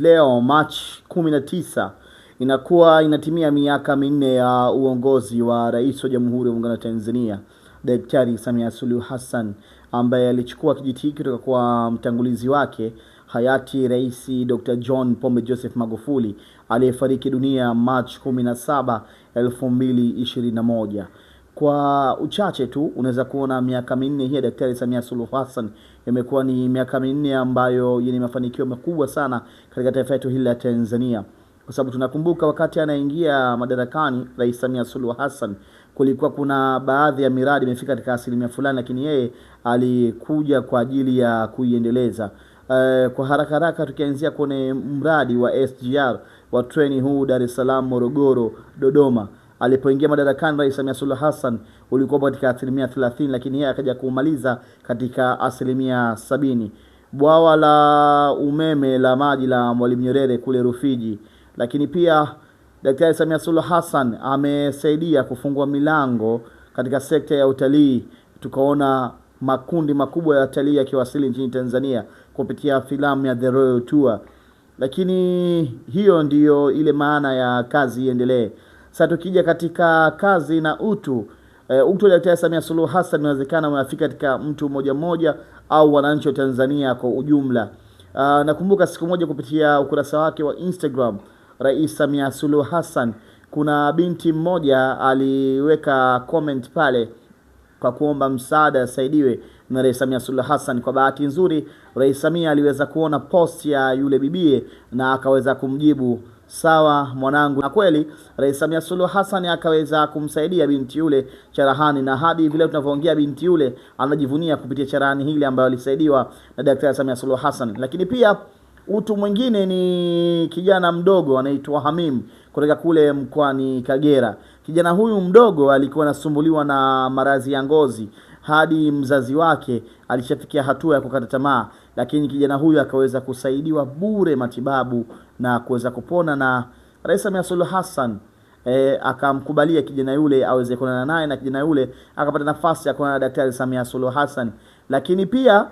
Leo Machi 19 inakuwa inatimia miaka minne ya uongozi wa Rais wa Jamhuri ya Muungano wa Tanzania Daktari Samia Suluhu Hassan ambaye alichukua kijiti hiki kutoka kwa mtangulizi wake hayati Rais Dr. John Pombe Joseph Magufuli aliyefariki dunia march 17, 2021. Kwa uchache tu unaweza kuona miaka minne hii ya Daktari Samia Suluhu Hassan imekuwa ni miaka minne ambayo yenye mafanikio makubwa sana katika taifa letu hili la Tanzania, kwa sababu tunakumbuka wakati anaingia madarakani Rais Samia Suluhu Hassan kulikuwa kuna baadhi ya miradi imefika katika asilimia fulani, lakini yeye alikuja kwa ajili ya kuiendeleza. Uh, kwa haraka haraka tukianzia kwenye mradi wa SGR wa treni huu Dar es Salaam, Morogoro, Dodoma Alipoingia madarakani Rais Samia Suluhu Hassan ulikuwa katika asilimia 30, lakini yeye akaja kumaliza katika asilimia sabini. Bwawa la umeme la maji la Mwalimu Nyerere kule Rufiji, lakini pia Daktari Samia Suluhu Hassan amesaidia kufungua milango katika sekta ya utalii, tukaona makundi makubwa ya watalii yakiwasili nchini Tanzania kupitia filamu ya The Royal Tour. Lakini hiyo ndiyo ile maana ya kazi iendelee. Sasa tukija katika kazi na utu e, utu wa Daktari Samia Suluhu Hassan inawezekana umefika katika mtu mmoja mmoja au wananchi wa Tanzania kwa ujumla. Ah, nakumbuka siku moja kupitia ukurasa wake wa Instagram Rais Samia Suluhu Hassan, kuna binti mmoja aliweka comment pale kwa kuomba msaada asaidiwe na Rais Samia Suluhu Hassan. Kwa bahati nzuri, Rais Samia aliweza kuona post ya yule bibie na akaweza kumjibu sawa mwanangu. Na kweli Rais Samia Suluhu Hassan akaweza kumsaidia binti yule cherehani, na hadi vile tunavyoongea binti yule anajivunia kupitia cherehani hili ambayo alisaidiwa na Daktari Samia Suluhu Hassan. Lakini pia utu mwingine ni kijana mdogo anaitwa Hamim kutoka kule mkoani Kagera. Kijana huyu mdogo alikuwa anasumbuliwa na maradhi ya ngozi hadi mzazi wake alishafikia hatua ya kukata tamaa lakini kijana huyu akaweza kusaidiwa bure matibabu na kuweza kupona, na Rais Samia Suluhu Hassan e, akamkubalia kijana yule aweze kuonana naye, na kijana yule akapata nafasi ya kuonana na Daktari Samia Suluhu Hassan. Lakini pia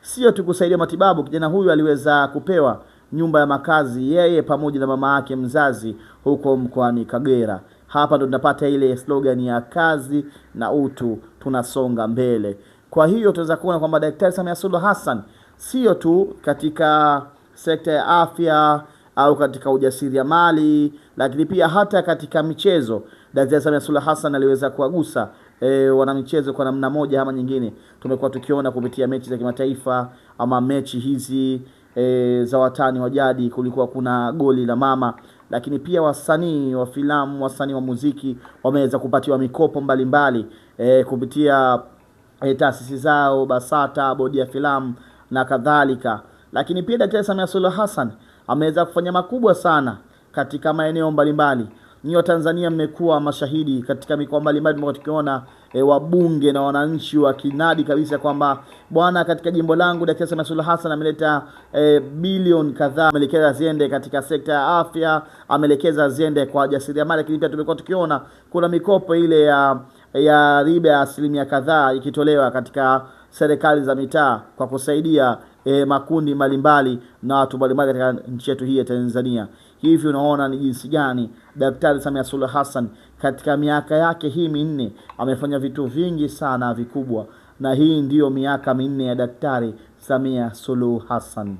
sio tu kusaidia matibabu, kijana huyu aliweza kupewa nyumba ya makazi yeye pamoja na mama yake mzazi huko mkoani Kagera. Hapa ndo tunapata ile slogan ya kazi na utu tunasonga mbele. Kwa hiyo tunaweza kuona kwamba Daktari Samia Suluhu Hassan sio tu katika sekta ya afya au katika ujasiriamali, lakini pia hata katika michezo. daktari Samia sula Hassan aliweza kuwagusa e, wanamichezo kwa namna moja ama nyingine. Tumekuwa tukiona kupitia mechi za kimataifa ama mechi hizi e, za watani wa jadi, kulikuwa kuna goli la mama, lakini pia wasanii wa filamu, wasanii wa muziki wameweza kupatiwa mikopo mbalimbali mbali, e, kupitia e, taasisi zao BASATA, bodi ya filamu na kadhalika. Lakini pia Daktari Samia Suluhu Hassan ameweza kufanya makubwa sana katika maeneo mbalimbali. Nyinyi tanzania mmekuwa mashahidi katika mikoa mbalimbali, tumekuwa tukiona e, wabunge na wananchi wakinadi kabisa kwamba bwana, katika jimbo langu Daktari Samia Suluhu Hassan ameleta e, bilioni kadhaa, ameelekeza ziende katika sekta ya afya, ameelekeza ziende kwa jasiriamali. Lakini pia tumekuwa tukiona kuna mikopo ile ya ya riba ya asilimia kadhaa ikitolewa katika serikali za mitaa kwa kusaidia e, makundi mbalimbali na watu mbalimbali katika nchi yetu hii ya Tanzania. Hivi unaona ni jinsi gani Daktari Samia Suluhu Hassan katika miaka yake hii minne amefanya vitu vingi sana vikubwa, na hii ndiyo miaka minne ya Daktari Samia Suluhu Hassan.